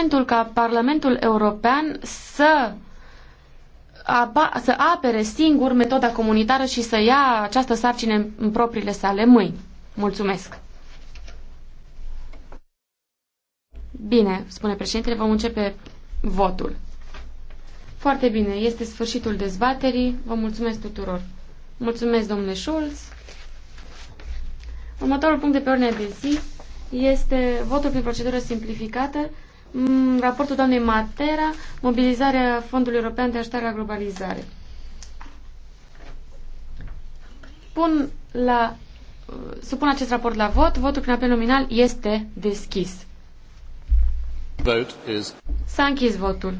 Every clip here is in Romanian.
momentul ca Parlamentul European să să apere singur metoda comunitară și să ia această sarcină în propriile sale mâini. Mulțumesc! Bine, spune președintele, vom începe votul. Foarte bine, este sfârșitul dezbaterii. Vă mulțumesc tuturor. Mulțumesc, domnule Schulz. Următorul punct de pe ordinea de zi este votul prin procedură simplificată Mm, raportul doamnei Matera, mobilizarea Fondului European de Așteptare la Globalizare. Pun la, supun acest raport la vot. Votul prin apel nominal este deschis. Is... S-a închis votul.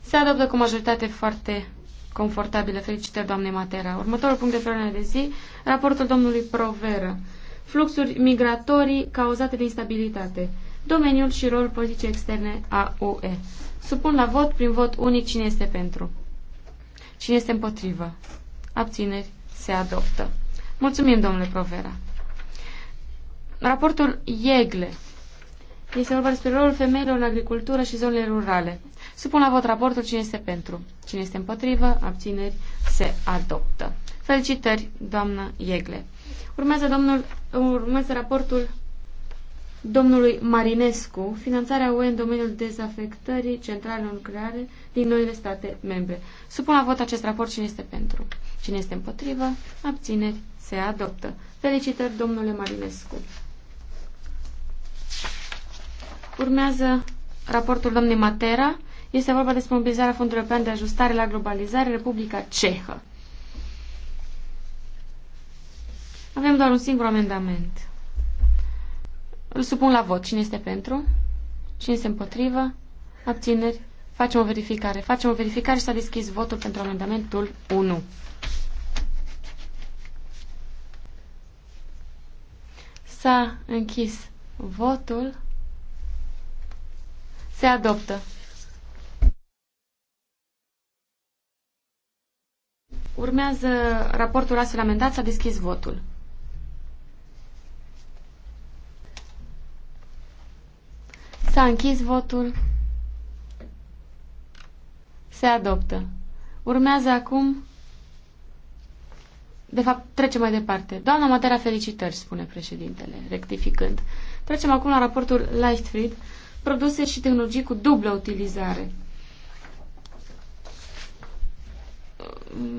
Se adoptă cu majoritate foarte confortabilă. Felicitări, doamne Matera. Următorul punct de pe de zi, raportul domnului Proveră fluxuri migratorii cauzate de instabilitate, domeniul și rolul politicii externe a UE. Supun la vot prin vot unic cine este pentru. Cine este împotrivă? Abțineri se adoptă. Mulțumim, domnule Provera. Raportul Iegle. Este vorba despre rolul femeilor în agricultură și zonele rurale. Supun la vot raportul cine este pentru. Cine este împotrivă, abțineri, se adoptă. Felicitări, doamnă Iegle. Urmează, domnul, urmează raportul domnului Marinescu, finanțarea UE în domeniul dezafectării centrale nucleare din noile state membre. Supun la vot acest raport cine este pentru. Cine este împotrivă, abțineri, se adoptă. Felicitări, domnule Marinescu. Urmează raportul domnului Matera. Este vorba despre mobilizarea Fondului European de Ajustare la Globalizare, Republica Cehă. Avem doar un singur amendament. Îl supun la vot. Cine este pentru? Cine este împotrivă? Abțineri? Facem o verificare. Facem o verificare și s-a deschis votul pentru amendamentul 1. S-a închis votul. Se adoptă. Urmează raportul astfel amendat. S-a deschis votul. S-a închis votul. Se adoptă. Urmează acum... De fapt, trecem mai departe. Doamna Matera, felicitări, spune președintele, rectificând. Trecem acum la raportul Lightfried, produse și tehnologii cu dublă utilizare.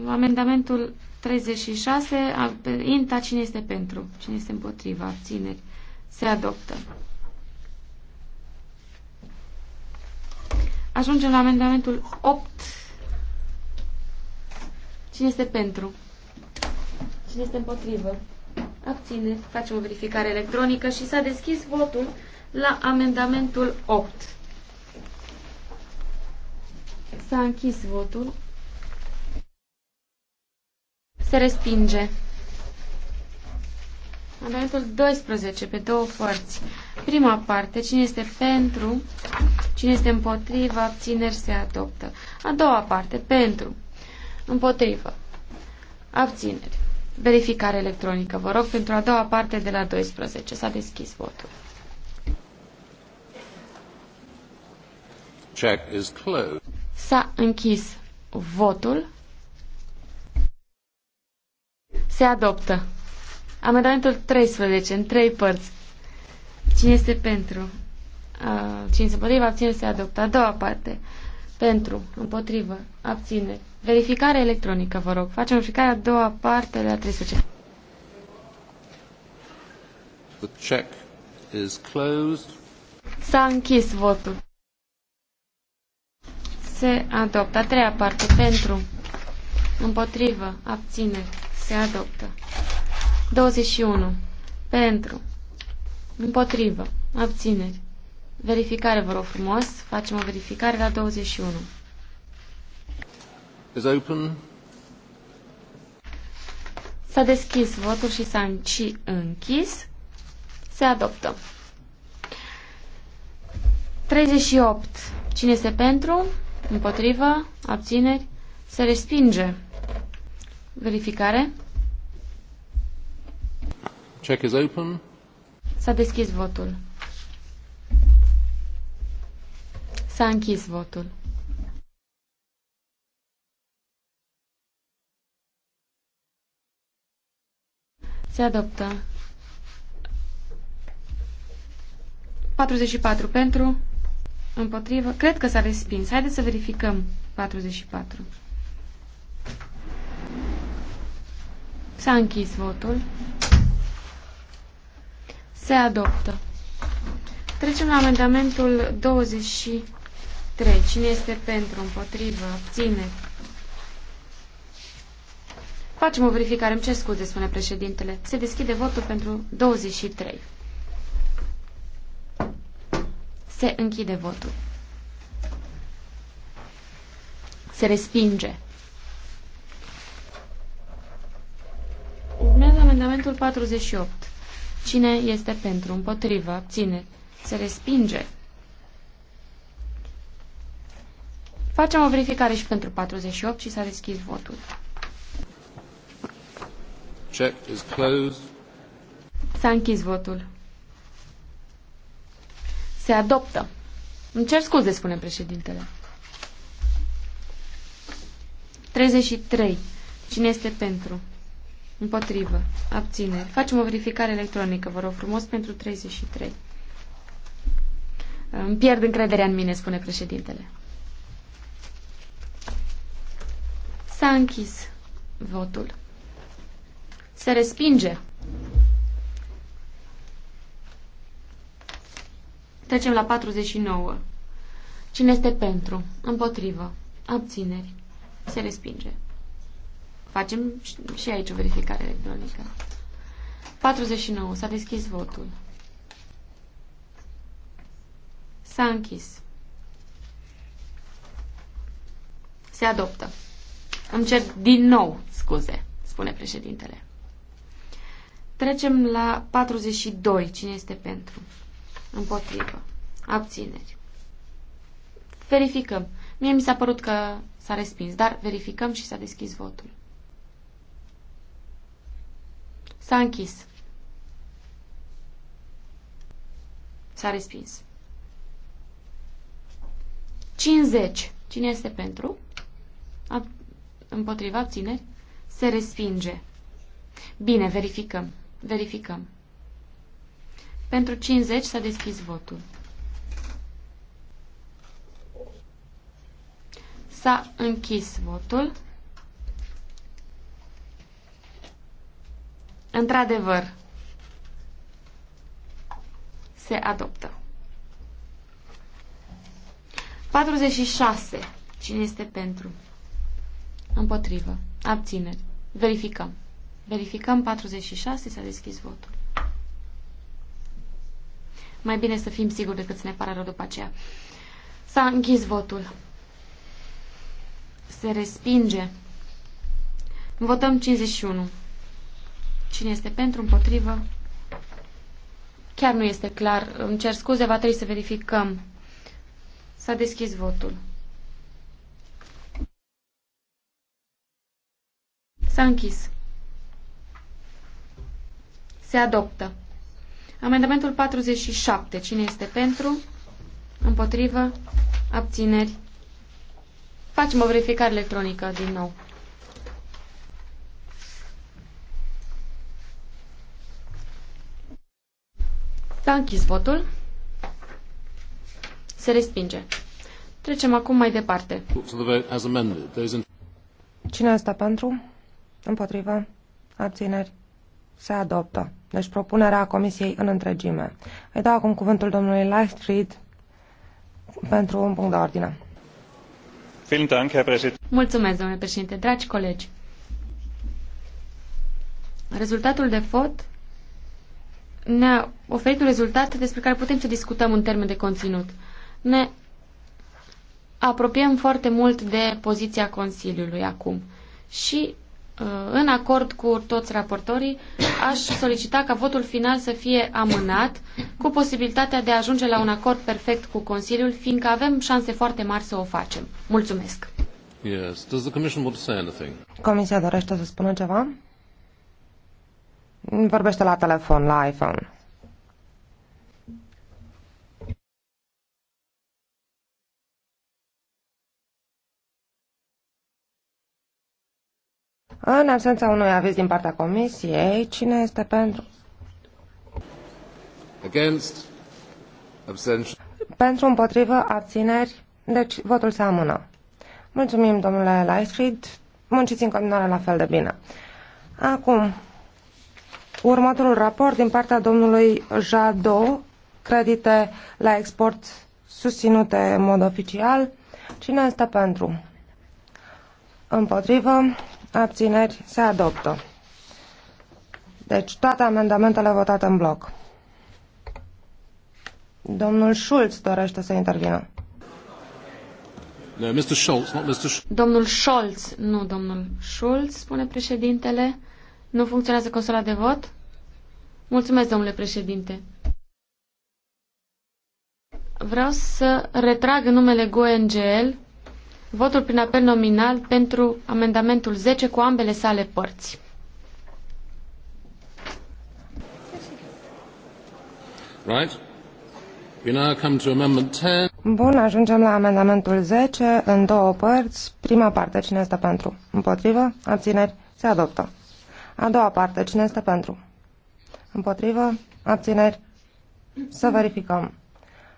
Amendamentul 36, INTA, cine este pentru, cine este împotriva, abțineri, se adoptă. Ajungem la amendamentul 8. Cine este pentru? Cine este împotrivă? Abține. Facem o verificare electronică și s-a deschis votul la amendamentul 8. S-a închis votul. Se respinge. Amendamentul 12 pe două părți. Prima parte, cine este pentru, cine este împotrivă, abțineri se adoptă. A doua parte, pentru, împotrivă, abțineri. Verificare electronică, vă rog, pentru a doua parte de la 12. S-a deschis votul. Check is closed. S-a închis votul. Se adoptă. Amendamentul 13 în trei părți. Cine este pentru? Cine se împotrivă? Abține se adoptă. A doua parte. Pentru, împotrivă, abține. Verificare electronică, vă rog. Facem verificarea a doua parte de la 300. The check is closed. S-a închis votul. Se adoptă. A treia parte. Pentru, împotrivă, abține. Se adoptă. 21. Pentru, Împotrivă. Abțineri. Verificare, vă rog frumos. Facem o verificare la 21. Is open. S-a deschis votul și s-a închis. Se adoptă. 38. Cine este pentru? Împotrivă? Abțineri? Se respinge. Verificare. Check is open. S-a deschis votul. S-a închis votul. Se adoptă. 44 pentru, împotrivă. Cred că s-a respins. Haideți să verificăm 44. S-a închis votul. Se adoptă. Trecem la amendamentul 23. Cine este pentru, împotrivă, abține? Facem o verificare. Îmi cer scuze, spune președintele. Se deschide votul pentru 23. Se închide votul. Se respinge. Urmează amendamentul 48. Cine este pentru? Împotrivă. ține, Se respinge. Facem o verificare și pentru 48 și s-a deschis votul. Check is closed. S-a închis votul. Se adoptă. Îmi cer scuze, spune președintele. 33. Cine este pentru? Împotrivă. Abțineri. Facem o verificare electronică, vă rog frumos, pentru 33. Îmi pierd încrederea în mine, spune președintele. S-a închis votul. Se respinge. Trecem la 49. Cine este pentru? Împotrivă. Abțineri. Se respinge. Facem și aici o verificare electronică. 49. S-a deschis votul. S-a închis. Se adoptă. Îmi cer din nou scuze, spune președintele. Trecem la 42. Cine este pentru? Împotrivă. Abțineri. Verificăm. Mie mi s-a părut că s-a respins, dar verificăm și s-a deschis votul. S-a închis. S-a respins. 50. Cine este pentru? A, împotriva abțineri? Se respinge. Bine, verificăm. Verificăm. Pentru 50 s-a deschis votul. S-a închis votul. Într-adevăr, se adoptă. 46. Cine este pentru? Împotrivă. Abțineri. Verificăm. Verificăm 46, s-a deschis votul. Mai bine să fim siguri decât să ne pară rău după aceea. S-a închis votul. Se respinge. Votăm 51. Cine este pentru, împotrivă? Chiar nu este clar. Îmi cer scuze, va trebui să verificăm. S-a deschis votul. S-a închis. Se adoptă. Amendamentul 47. Cine este pentru? Împotrivă? Abțineri? Facem o verificare electronică din nou. S-a închis votul. Se respinge. Trecem acum mai departe. Cine este pentru? Împotrivă? Abțineri? Se adoptă. Deci propunerea Comisiei în întregime. Îi dau acum cuvântul domnului Lightfried pentru un punct de ordine. Mulțumesc, domnule președinte. Dragi colegi, rezultatul de vot ne-a oferit un rezultat despre care putem să discutăm în termen de conținut. Ne apropiem foarte mult de poziția Consiliului acum și uh, în acord cu toți raportorii, aș solicita ca votul final să fie amânat, cu posibilitatea de a ajunge la un acord perfect cu Consiliul, fiindcă avem șanse foarte mari să o facem. Mulțumesc! Yes. Does the commission want to say anything? Comisia dorește să spună ceva? Vorbește la telefon, la iPhone. În absența unui aviz din partea Comisiei, cine este pentru? Against. Abstention. Pentru împotrivă, abțineri, deci votul se amână. Mulțumim, domnule Lightfried. Munciți în continuare la fel de bine. Acum, Următorul raport din partea domnului Jado, credite la export susținute în mod oficial. Cine este pentru? Împotrivă, abțineri, se adoptă. Deci toate amendamentele votate în bloc. Domnul Schulz dorește să intervină. No, Mr. Schultz, not Mr. Sch domnul Scholz, nu domnul Schulz, spune președintele. Nu funcționează consola de vot? Mulțumesc, domnule președinte. Vreau să retrag în numele GONGL votul prin apel nominal pentru amendamentul 10 cu ambele sale părți. Right. We now come to amendment 10. Bun, ajungem la amendamentul 10 în două părți. Prima parte, cine este pentru? Împotrivă? Abțineri? Se adoptă. A doua parte, cine este pentru? Împotrivă? Abțineri? Să verificăm.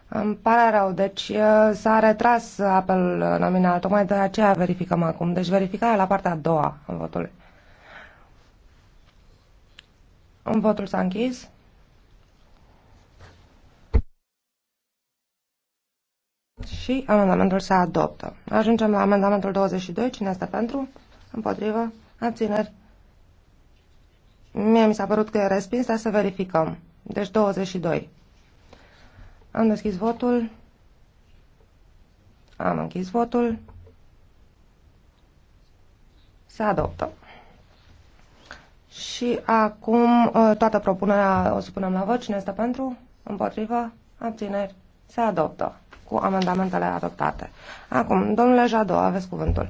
Îmi pare rău, deci s-a retras apelul nominal, tocmai de aceea verificăm acum. Deci verificarea la partea a doua a votului. Votul s-a închis. Și amendamentul se adoptă. Ajungem la amendamentul 22. Cine este pentru? Împotrivă? Abțineri? Mie mi s-a părut că e respins, dar să verificăm. Deci 22. Am deschis votul. Am închis votul. Se adoptă. Și acum ă, toată propunerea o supunem la vot. Cine este pentru? Împotrivă? Abțineri? Se adoptă cu amendamentele adoptate. Acum, domnule Jado, aveți cuvântul.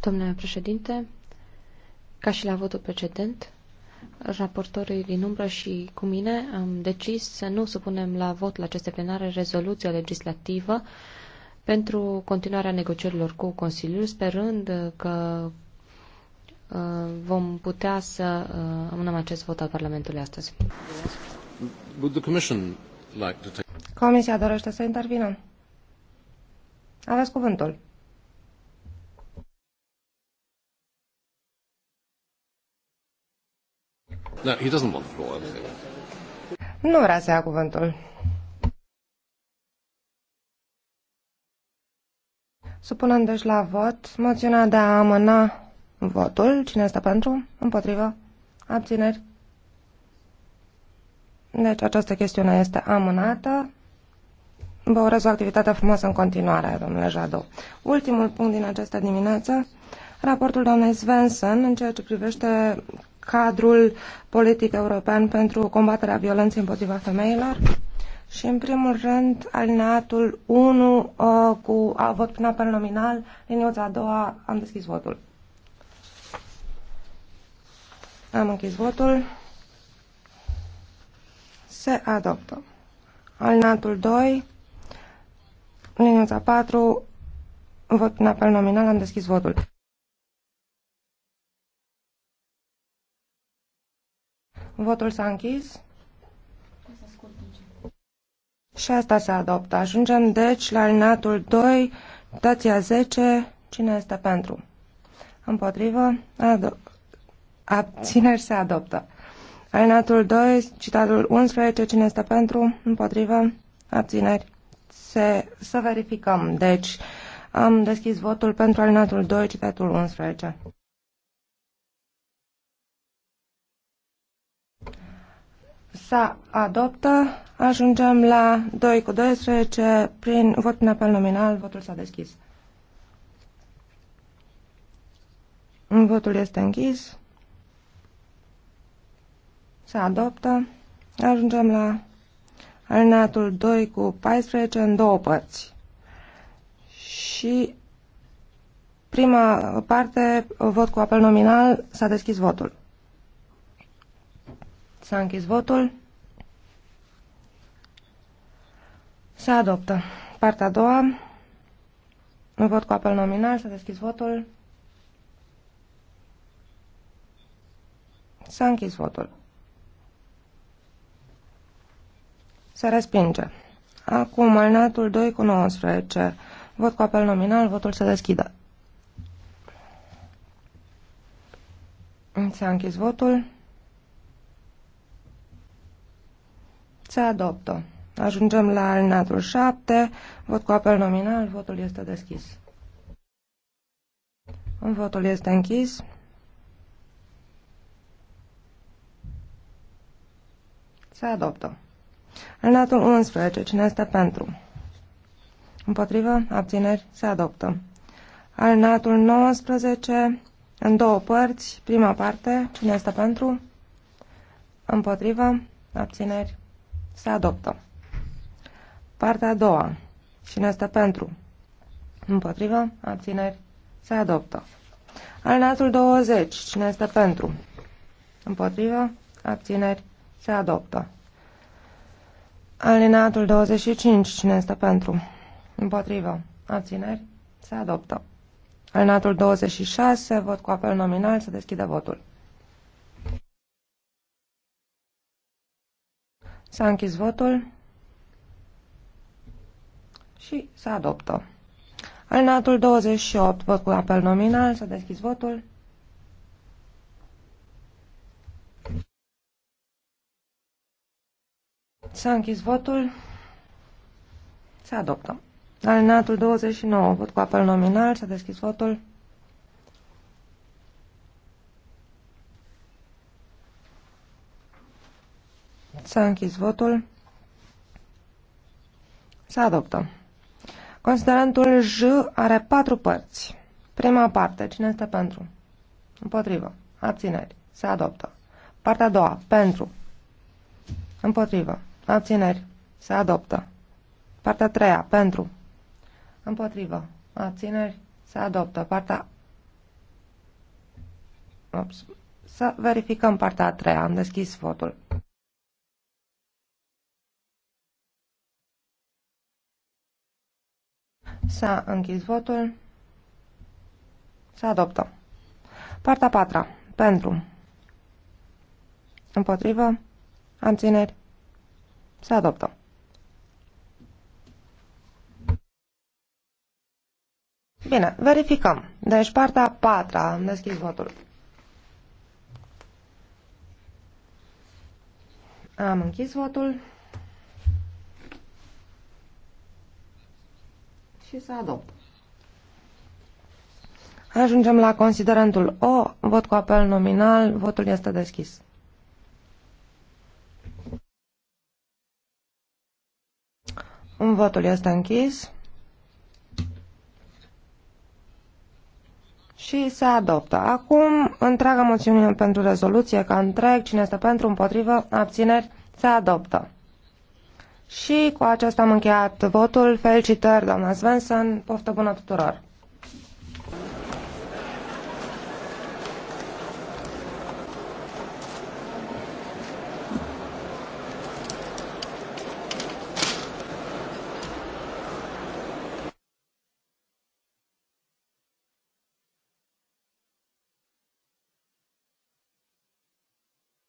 Domnule președinte, ca și la votul precedent, raportorii din umbră și cu mine am decis să nu supunem la vot la aceste plenare rezoluția legislativă pentru continuarea negocierilor cu Consiliul, sperând că uh, vom putea să uh, amânăm acest vot al Parlamentului astăzi. Comisia dorește să intervină. Aveți cuvântul. No, he doesn't want the Nu vrea să ia cuvântul. Supunem deci la vot moțiunea de a amâna votul. Cine este pentru? Împotrivă? Abțineri? Deci această chestiune este amânată. Vă urez o activitate frumoasă în continuare, domnule Jadou. Ultimul punct din această dimineață, raportul doamnei Svensson în ceea ce privește cadrul politic european pentru combaterea violenței împotriva femeilor și, în primul rând, alineatul 1 uh, cu a, vot prin apel nominal, liniuța a doua, am deschis votul. Am închis votul. Se adoptă. Alineatul 2, liniuța 4, vot prin apel nominal, am deschis votul. Votul s-a închis. Și asta se adoptă. Ajungem deci la alinatul 2, dația 10. Cine este pentru? Împotrivă? Ado- abțineri se adoptă. Alinatul 2, citatul 11. Cine este pentru? Împotrivă? Abțineri. Se, să verificăm. Deci, am deschis votul pentru alinatul 2, citatul 11. Să adoptă. Ajungem la 2 cu 12 prin vot în apel nominal. Votul s-a deschis. Votul este închis. Se adoptă. Ajungem la alineatul 2 cu 14 în două părți. Și prima parte, vot cu apel nominal, s-a deschis votul. S-a închis votul. Se adoptă. Partea a doua. Un vot cu apel nominal. S-a deschis votul. S-a închis votul. Se respinge. Acum, alnatul 2 cu 19. Vot cu apel nominal, votul se deschide. S-a închis votul. Se adoptă. Ajungem la alineatul 7. Vot cu apel nominal. Votul este deschis. Votul este închis. Se adoptă. Alineatul 11. Cine este pentru? Împotrivă? Abțineri? Se adoptă. Alineatul 19. În două părți. Prima parte. Cine este pentru? Împotrivă? Abțineri? Se adoptă. Partea a doua. Cine este pentru? Împotrivă? Abțineri? Se adoptă. Alineatul 20. Cine este pentru? Împotrivă? Abțineri? Se adoptă. Alineatul 25. Cine este pentru? Împotrivă? Abțineri? Se adoptă. Alineatul 26. Vot cu apel nominal. Se deschide votul. S-a închis votul și se adoptă. Alinatul 28, vot cu apel nominal, s-a deschis votul. S-a închis votul. Se adoptă. Alinatul 29, vot cu apel nominal, s-a deschis votul. S-a închis votul. Se adoptă. Considerantul J are patru părți. Prima parte. Cine este pentru? Împotrivă. Abțineri. Se adoptă. Partea a doua. Pentru. Împotrivă. Abțineri. Se adoptă. Partea a treia. Pentru. Împotrivă. Abțineri. Se adoptă. Partea... Ops. Să verificăm partea a treia. Am deschis votul. S-a închis votul. Se adoptă. Partea patra. Pentru. Împotrivă. Abțineri. Se adoptă. Bine, verificăm. Deci partea 4. patra, am deschis votul. Am închis votul. și să adopt. Ajungem la considerentul O, vot cu apel nominal, votul este deschis. Votul este închis și se adoptă. Acum, întreaga moțiune pentru rezoluție ca întreg, cine este pentru, împotrivă, abțineri, se adoptă. Și cu aceasta am încheiat votul. Felicitări, doamna Svensson. Poftă bună tuturor!